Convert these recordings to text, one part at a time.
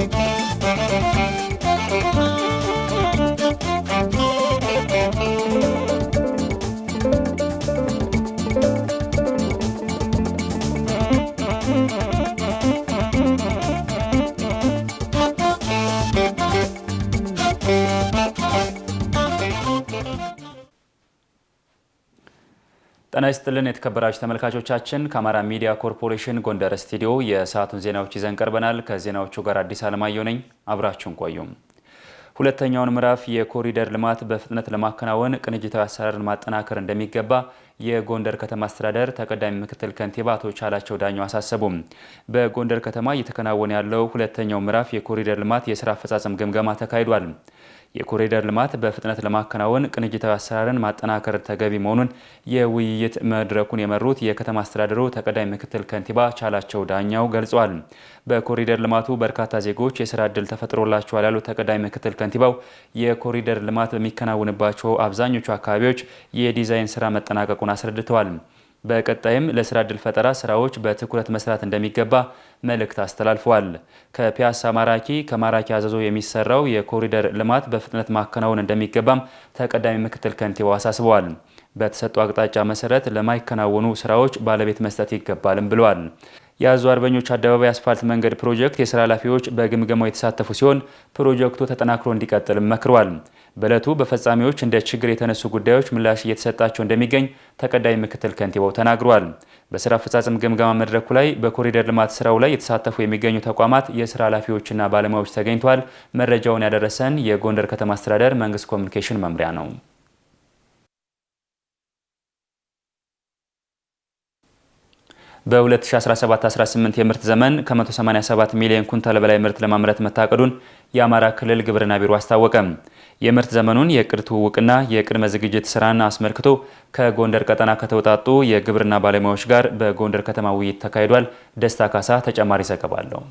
Thank you. ጤና ይስጥልን የተከበራችሁ ተመልካቾቻችን፣ ከአማራ ሚዲያ ኮርፖሬሽን ጎንደር ስቱዲዮ የሰዓቱን ዜናዎች ይዘን ቀርበናል። ከዜናዎቹ ጋር አዲስ አለማየሁ ነኝ። አብራችሁን ቆዩም። ሁለተኛውን ምዕራፍ የኮሪደር ልማት በፍጥነት ለማከናወን ቅንጅታዊ አሰራርን ማጠናከር እንደሚገባ የጎንደር ከተማ አስተዳደር ተቀዳሚ ምክትል ከንቲባ አቶ ቻላቸው ዳኘው አሳሰቡም። በጎንደር ከተማ እየተከናወነ ያለው ሁለተኛው ምዕራፍ የኮሪደር ልማት የስራ አፈጻጸም ግምገማ ተካሂዷል። የኮሪደር ልማት በፍጥነት ለማከናወን ቅንጅታዊ አሰራርን ማጠናከር ተገቢ መሆኑን የውይይት መድረኩን የመሩት የከተማ አስተዳደሩ ተቀዳሚ ምክትል ከንቲባ ቻላቸው ዳኛው ገልጸዋል። በኮሪደር ልማቱ በርካታ ዜጎች የስራ እድል ተፈጥሮላቸዋል ያሉት ተቀዳሚ ምክትል ከንቲባው የኮሪደር ልማት በሚከናወንባቸው አብዛኞቹ አካባቢዎች የዲዛይን ስራ መጠናቀቁን አስረድተዋል። በቀጣይም ለስራ ዕድል ፈጠራ ስራዎች በትኩረት መስራት እንደሚገባ መልእክት አስተላልፈዋል። ከፒያሳ ማራኪ ከማራኪ አዘዞ የሚሰራው የኮሪደር ልማት በፍጥነት ማከናወን እንደሚገባም ተቀዳሚ ምክትል ከንቲባው አሳስበዋል። በተሰጡ አቅጣጫ መሰረት ለማይከናወኑ ስራዎች ባለቤት መስጠት ይገባልም ብለዋል። የአዞ አርበኞች አደባባይ አስፋልት መንገድ ፕሮጀክት የስራ ኃላፊዎች በግምገማው የተሳተፉ ሲሆን ፕሮጀክቱ ተጠናክሮ እንዲቀጥል መክሯል። በእለቱ በፈጻሚዎች እንደ ችግር የተነሱ ጉዳዮች ምላሽ እየተሰጣቸው እንደሚገኝ ተቀዳሚ ምክትል ከንቲባው ተናግሯል። በስራ አፈጻጸም ግምገማ መድረኩ ላይ በኮሪደር ልማት ስራው ላይ የተሳተፉ የሚገኙ ተቋማት የስራ ኃላፊዎችና ባለሙያዎች ተገኝተዋል። መረጃውን ያደረሰን የጎንደር ከተማ አስተዳደር መንግስት ኮሚኒኬሽን መምሪያ ነው። በ2017-18 የምርት ዘመን ከ187 ሚሊዮን ኩንታል በላይ ምርት ለማምረት መታቀዱን የአማራ ክልል ግብርና ቢሮ አስታወቀ። የምርት ዘመኑን የእቅድ ትውውቅና የቅድመ ዝግጅት ስራን አስመልክቶ ከጎንደር ቀጠና ከተውጣጡ የግብርና ባለሙያዎች ጋር በጎንደር ከተማ ውይይት ተካሂዷል። ደስታ ካሳ ተጨማሪ ዘገባ አለው።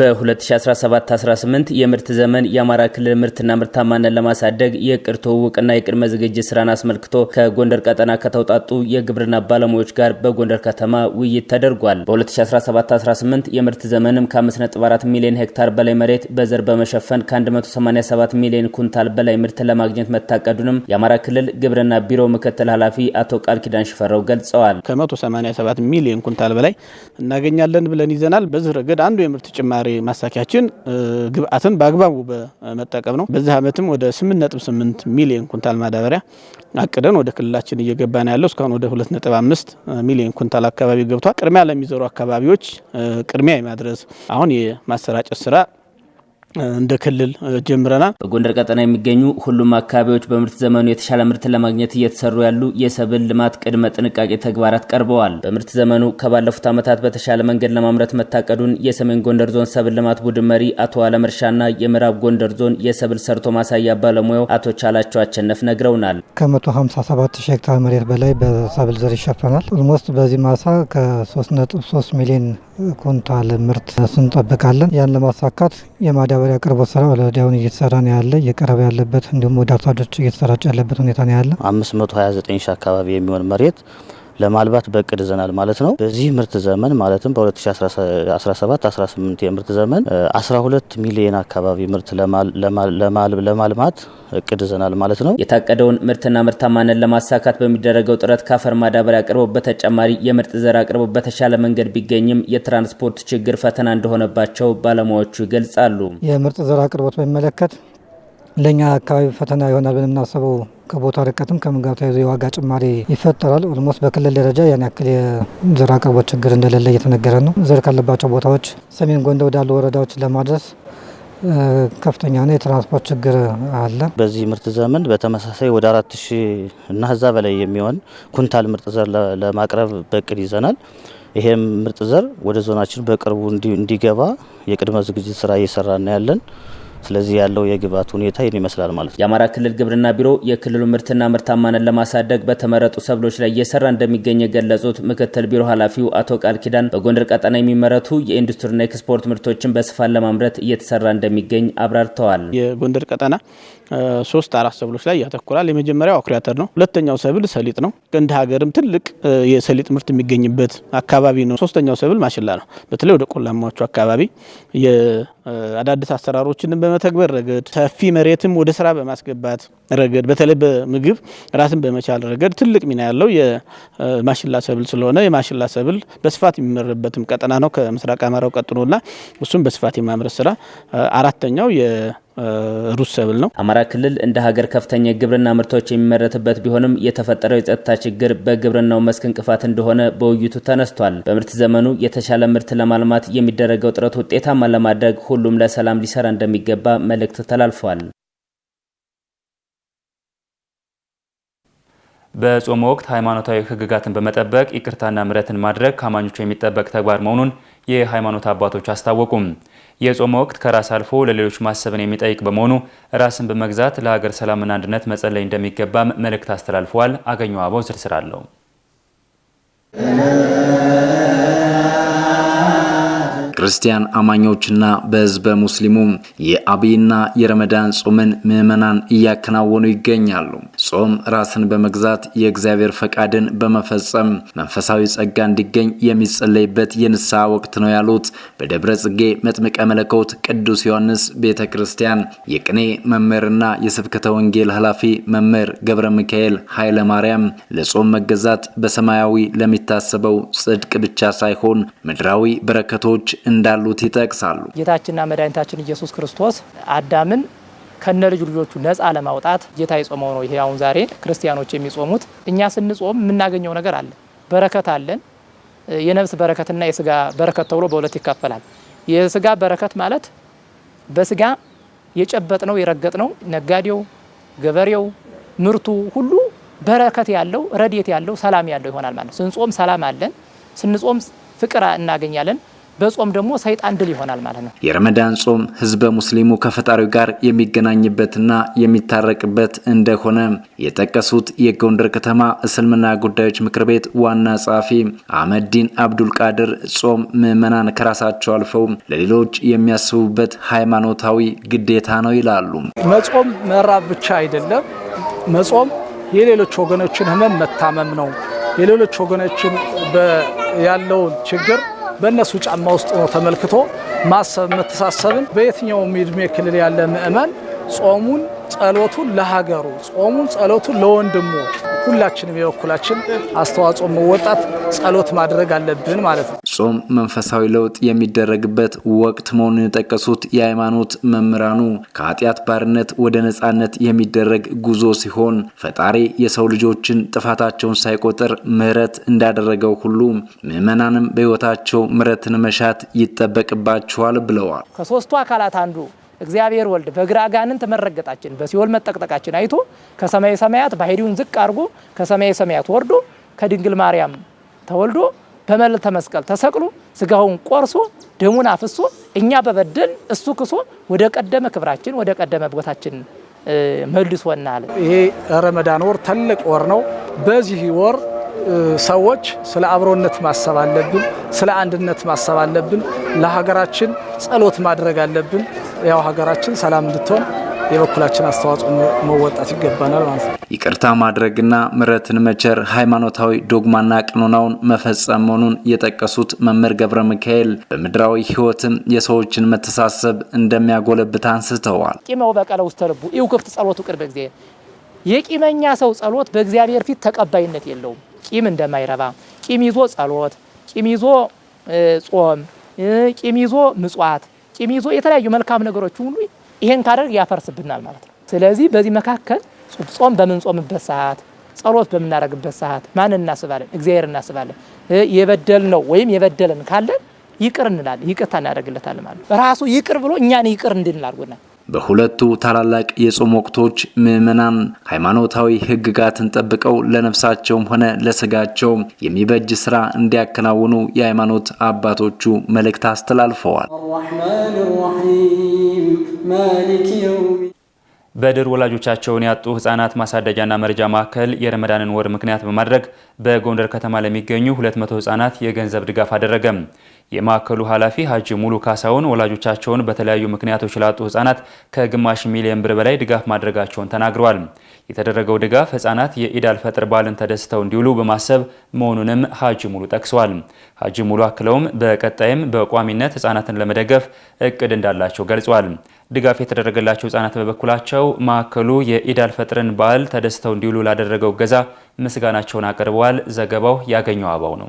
በ2017-18 የምርት ዘመን የአማራ ክልል ምርትና ምርታማነትን ለማሳደግ የእቅድ ትውውቅና የቅድመ ዝግጅት ስራን አስመልክቶ ከጎንደር ቀጠና ከተውጣጡ የግብርና ባለሙያዎች ጋር በጎንደር ከተማ ውይይት ተደርጓል። በ2017-18 የምርት ዘመንም ከ5.4 ሚሊዮን ሄክታር በላይ መሬት በዘር በመሸፈን ከ187 ሚሊዮን ኩንታል በላይ ምርት ለማግኘት መታቀዱንም የአማራ ክልል ግብርና ቢሮ ምክትል ኃላፊ አቶ ቃል ኪዳን ሽፈረው ገልጸዋል። ከ187 ሚሊዮን ኩንታል በላይ እናገኛለን ብለን ይዘናል። በዚህ ረገድ አንዱ የምርት ጭማ ተጨማሪ ማሳኪያችን ግብአትን በአግባቡ በመጠቀም ነው። በዚህ ዓመትም ወደ 8.8 ሚሊዮን ኩንታል ማዳበሪያ አቅደን ወደ ክልላችን እየገባን ያለው እስካሁን ወደ 2.5 ሚሊዮን ኩንታል አካባቢ ገብቷል። ቅድሚያ ለሚዘሩ አካባቢዎች ቅድሚያ የማድረስ አሁን የማሰራጨት ስራ እንደ ክልል ጀምረናል። በጎንደር ቀጠና የሚገኙ ሁሉም አካባቢዎች በምርት ዘመኑ የተሻለ ምርት ለማግኘት እየተሰሩ ያሉ የሰብል ልማት ቅድመ ጥንቃቄ ተግባራት ቀርበዋል። በምርት ዘመኑ ከባለፉት ዓመታት በተሻለ መንገድ ለማምረት መታቀዱን የሰሜን ጎንደር ዞን ሰብል ልማት ቡድን መሪ አቶ አለመርሻና የምዕራብ ጎንደር ዞን የሰብል ሰርቶ ማሳያ ባለሙያው አቶ ቻላቸው አቸነፍ ነግረውናል። ከ157 ሄክታር መሬት በላይ በሰብል ዘር ይሸፈናል። ኦልሞስት በዚህ ማሳ ከ3.3 ሚሊዮን ኩንታል ምርት እንጠብቃለን። ያን ለማሳካት የማዳበሪያ አቅርቦት ስራ ወለዳውን እየተሰራ ነው ያለ እየቀረበ ያለበት እንዲሁም ወደ አርሶ አደሮች እየተሰራጨ ያለበት ሁኔታ ነው ያለ አምስት መቶ ሀያ ዘጠኝ ሺህ አካባቢ የሚሆን መሬት ለማልባት በቅድ ዘናል ማለት ነው። በዚህ ምርት ዘመን ማለትም በ2017/18 የምርት ዘመን 12 ሚሊዮን አካባቢ ምርት ለማልማት እቅድ ዘናል ማለት ነው። የታቀደውን ምርትና ምርታማነት ለማሳካት በሚደረገው ጥረት ከአፈር ማዳበሪያ አቅርቦ በተጨማሪ የምርጥ ዘር አቅርቦ በተሻለ መንገድ ቢገኝም የትራንስፖርት ችግር ፈተና እንደሆነባቸው ባለሙያዎቹ ይገልጻሉ። የምርጥ ዘር አቅርቦት በሚመለከት ለእኛ አካባቢ ፈተና ይሆናል ብለን የምናስበው ከቦታ ርቀትም ከምን ጋር ተያይዞ የዋጋ ጭማሪ ይፈጠራል። ኦልሞስት በክልል ደረጃ ያን ያክል የዘር አቅርቦት ችግር እንደሌለ እየተነገረ ነው። ዘር ካለባቸው ቦታዎች ሰሜን ጎንደር ወዳሉ ወረዳዎች ለማድረስ ከፍተኛ ነው የትራንስፖርት ችግር አለ። በዚህ ምርት ዘመን በተመሳሳይ ወደ አራት ሺህ እና ህዛ በላይ የሚሆን ኩንታል ምርጥ ዘር ለማቅረብ በቅድ ይዘናል። ይሄም ምርጥ ዘር ወደ ዞናችን በቅርቡ እንዲገባ የቅድመ ዝግጅት ስራ እየሰራ ያለን ስለዚህ ያለው የግብአት ሁኔታ ይህን ይመስላል ማለት ነው። የአማራ ክልል ግብርና ቢሮ የክልሉ ምርትና ምርታማንን ለማሳደግ በተመረጡ ሰብሎች ላይ እየሰራ እንደሚገኝ የገለጹት ምክትል ቢሮ ኃላፊው አቶ ቃል ኪዳን በጎንደር ቀጠና የሚመረቱ የኢንዱስትሪና ኤክስፖርት ምርቶችን በስፋት ለማምረት እየተሰራ እንደሚገኝ አብራርተዋል። የጎንደር ቀጠና ሶስት አራት ሰብሎች ላይ ያተኩራል። የመጀመሪያው አኩሪያተር ነው። ሁለተኛው ሰብል ሰሊጥ ነው። እንደ ሀገርም ትልቅ የሰሊጥ ምርት የሚገኝበት አካባቢ ነው። ሶስተኛው ሰብል ማሽላ ነው። በተለይ ወደ ቆላማዎቹ አካባቢ የአዳዲስ አሰራሮችንም በመተግበር ረገድ ሰፊ መሬትም ወደ ስራ በማስገባት ረገድ በተለይ በምግብ ራስን በመቻል ረገድ ትልቅ ሚና ያለው የማሽላ ሰብል ስለሆነ የማሽላ ሰብል በስፋት የሚመረበትም ቀጠና ነው። ከምስራቅ አማራው ቀጥሎና እሱም በስፋት የማምረት ስራ አራተኛው ሩዝ ሰብል ነው። አማራ ክልል እንደ ሀገር ከፍተኛ የግብርና ምርቶች የሚመረትበት ቢሆንም የተፈጠረው የጸጥታ ችግር በግብርናው መስክ እንቅፋት እንደሆነ በውይይቱ ተነስቷል። በምርት ዘመኑ የተሻለ ምርት ለማልማት የሚደረገው ጥረት ውጤታማ ለማድረግ ሁሉም ለሰላም ሊሰራ እንደሚገባ መልእክት ተላልፏል። በጾም ወቅት ሃይማኖታዊ ሕግጋትን በመጠበቅ ይቅርታና ምረትን ማድረግ ከአማኞቹ የሚጠበቅ ተግባር መሆኑን የሃይማኖት አባቶች አስታወቁም። የጾም ወቅት ከራስ አልፎ ለሌሎች ማሰብን የሚጠይቅ በመሆኑ ራስን በመግዛት ለሀገር ሰላምና አንድነት መጸለይ እንደሚገባም መልእክት አስተላልፈዋል። አገኘው አበው ዝርዝር አለው። በክርስቲያን አማኞችና በህዝበ ሙስሊሙ የአብይና የረመዳን ጾምን ምዕመናን እያከናወኑ ይገኛሉ። ጾም ራስን በመግዛት የእግዚአብሔር ፈቃድን በመፈጸም መንፈሳዊ ጸጋ እንዲገኝ የሚጸለይበት የንስሐ ወቅት ነው ያሉት በደብረ ጽጌ መጥምቀ መለኮት ቅዱስ ዮሐንስ ቤተ ክርስቲያን የቅኔ መምህርና የስብከተ ወንጌል ኃላፊ መምህር ገብረ ሚካኤል ኃይለ ማርያም ለጾም መገዛት በሰማያዊ ለሚታሰበው ጽድቅ ብቻ ሳይሆን ምድራዊ በረከቶች እንዳሉት ይጠቅሳሉ። ጌታችንና መድኃኒታችን ኢየሱስ ክርስቶስ አዳምን ከነ ልጅ ልጆቹ ነፃ ለማውጣት ጌታ የጾመው ነው። ይሄ አሁን ዛሬ ክርስቲያኖች የሚጾሙት እኛ ስንጾም የምናገኘው ነገር አለ፣ በረከት አለን። የነፍስ በረከትና የስጋ በረከት ተብሎ በሁለት ይካፈላል። የስጋ በረከት ማለት በስጋ የጨበጥ ነው የረገጥ ነው ነጋዴው፣ ገበሬው፣ ምርቱ ሁሉ በረከት ያለው ረድኤት ያለው ሰላም ያለው ይሆናል ማለት ስንጾም ሰላም አለን፣ ስንጾም ፍቅር እናገኛለን። በጾም ደግሞ ሰይጣን ድል ይሆናል ማለት ነው። የረመዳን ጾም ህዝበ ሙስሊሙ ከፈጣሪው ጋር የሚገናኝበትና የሚታረቅበት እንደሆነ የጠቀሱት የጎንደር ከተማ እስልምና ጉዳዮች ምክር ቤት ዋና ጸሐፊ አህመዲን አብዱል ቃድር ጾም ምዕመናን ከራሳቸው አልፈው ለሌሎች የሚያስቡበት ሃይማኖታዊ ግዴታ ነው ይላሉ። መጾም መራብ ብቻ አይደለም። መጾም የሌሎች ወገኖችን ህመም መታመም ነው። የሌሎች ወገኖችን ያለውን ችግር በእነሱ ጫማ ውስጥ ነው ተመልክቶ ማሰብ መተሳሰብን በየትኛውም እድሜ ክልል ያለ ምእመን ጾሙን ጸሎቱን ለሀገሩ፣ ጾሙን ጸሎቱን ለወንድሙ ሁላችንም የበኩላችን አስተዋጽኦ መወጣት ጸሎት ማድረግ አለብን ማለት ነው። ጾም መንፈሳዊ ለውጥ የሚደረግበት ወቅት መሆኑን የጠቀሱት የሃይማኖት መምህራኑ ከኃጢአት ባርነት ወደ ነጻነት የሚደረግ ጉዞ ሲሆን ፈጣሪ የሰው ልጆችን ጥፋታቸውን ሳይቆጥር ምሕረት እንዳደረገው ሁሉ ምዕመናንም በሕይወታቸው ምሕረትን መሻት ይጠበቅባቸዋል ብለዋል። ከሶስቱ አካላት አንዱ እግዚአብሔር ወልድ በግራ ጋንን ተመረገጣችን በሲኦል መጠቅጠቃችን አይቶ ከሰማይ ሰማያት ባህሪውን ዝቅ አድርጎ ከሰማይ ሰማያት ወርዶ ከድንግል ማርያም ተወልዶ በመልዕልተ መስቀል ተሰቅሎ ስጋውን ቆርሶ ደሙን አፍሶ እኛ በበደል እሱ ክሶ ወደ ቀደመ ክብራችን ወደ ቀደመ ቦታችን መልሶናል። ይሄ ረመዳን ወር ትልቅ ወር ነው። በዚህ ወር ሰዎች ስለ አብሮነት ማሰብ አለብን። ስለ አንድነት ማሰብ አለብን። ለሀገራችን ጸሎት ማድረግ አለብን። ያው ሀገራችን ሰላም እንድትሆን የበኩላችን አስተዋጽኦ መወጣት ይገባናል ማለት ነው። ይቅርታ ማድረግና ምረትን መቸር ሃይማኖታዊ ዶግማና ቀኖናውን መፈጸም መሆኑን የጠቀሱት መምህር ገብረ ሚካኤል በምድራዊ ሕይወትም የሰዎችን መተሳሰብ እንደሚያጎለብት አንስተዋል። ቂመው በቀለ ውስተ ልቡ ይው ክፍት ጸሎቱ ቅድመ ጊዜ የቂመኛ ሰው ጸሎት በእግዚአብሔር ፊት ተቀባይነት የለውም። ቂም እንደማይረባ ቂም ይዞ ጸሎት፣ ቂም ይዞ ጾም፣ ቂም ይዞ ምጽዋት ቂም ይዞ የተለያዩ መልካም ነገሮች ሁሉ ይሄን ካደርግ ያፈርስብናል ማለት ነው። ስለዚህ በዚህ መካከል ጾም በምንጾምበት ሰዓት፣ ጸሎት በምናደርግበት ሰዓት ማንን እናስባለን? እግዚአብሔር እናስባለን። የበደል ነው ወይም የበደልን ካለን ይቅር እንላለን፣ ይቅርታ እናደርግለታለን ማለት ነው። ራሱ ይቅር ብሎ እኛን ይቅር እንድንል አድርጎናል። በሁለቱ ታላላቅ የጾም ወቅቶች ምዕመናን ሃይማኖታዊ ሕግጋትን ጠብቀው ለነፍሳቸውም ሆነ ለስጋቸው የሚበጅ ስራ እንዲያከናውኑ የሃይማኖት አባቶቹ መልእክት አስተላልፈዋል። በድር ወላጆቻቸውን ያጡ ህጻናት ማሳደጃና መረጃ ማዕከል የረመዳንን ወር ምክንያት በማድረግ በጎንደር ከተማ ለሚገኙ 200 ህጻናት የገንዘብ ድጋፍ አደረገም። የማዕከሉ ኃላፊ ሀጂ ሙሉ ካሳውን ወላጆቻቸውን በተለያዩ ምክንያቶች ላጡ ህጻናት ከግማሽ ሚሊዮን ብር በላይ ድጋፍ ማድረጋቸውን ተናግረዋል። የተደረገው ድጋፍ ህጻናት የኢድ አልፈጥር በዓልን ተደስተው እንዲውሉ በማሰብ መሆኑንም ሀጂ ሙሉ ጠቅሰዋል። ሀጂ ሙሉ አክለውም በቀጣይም በቋሚነት ህጻናትን ለመደገፍ እቅድ እንዳላቸው ገልጿል። ድጋፍ የተደረገላቸው ህጻናት በበኩላቸው ማዕከሉ የኢድ አልፈጥርን በዓል ተደስተው እንዲውሉ ላደረገው እገዛ ምስጋናቸውን አቅርበዋል። ዘገባው ያገኘው አባው ነው።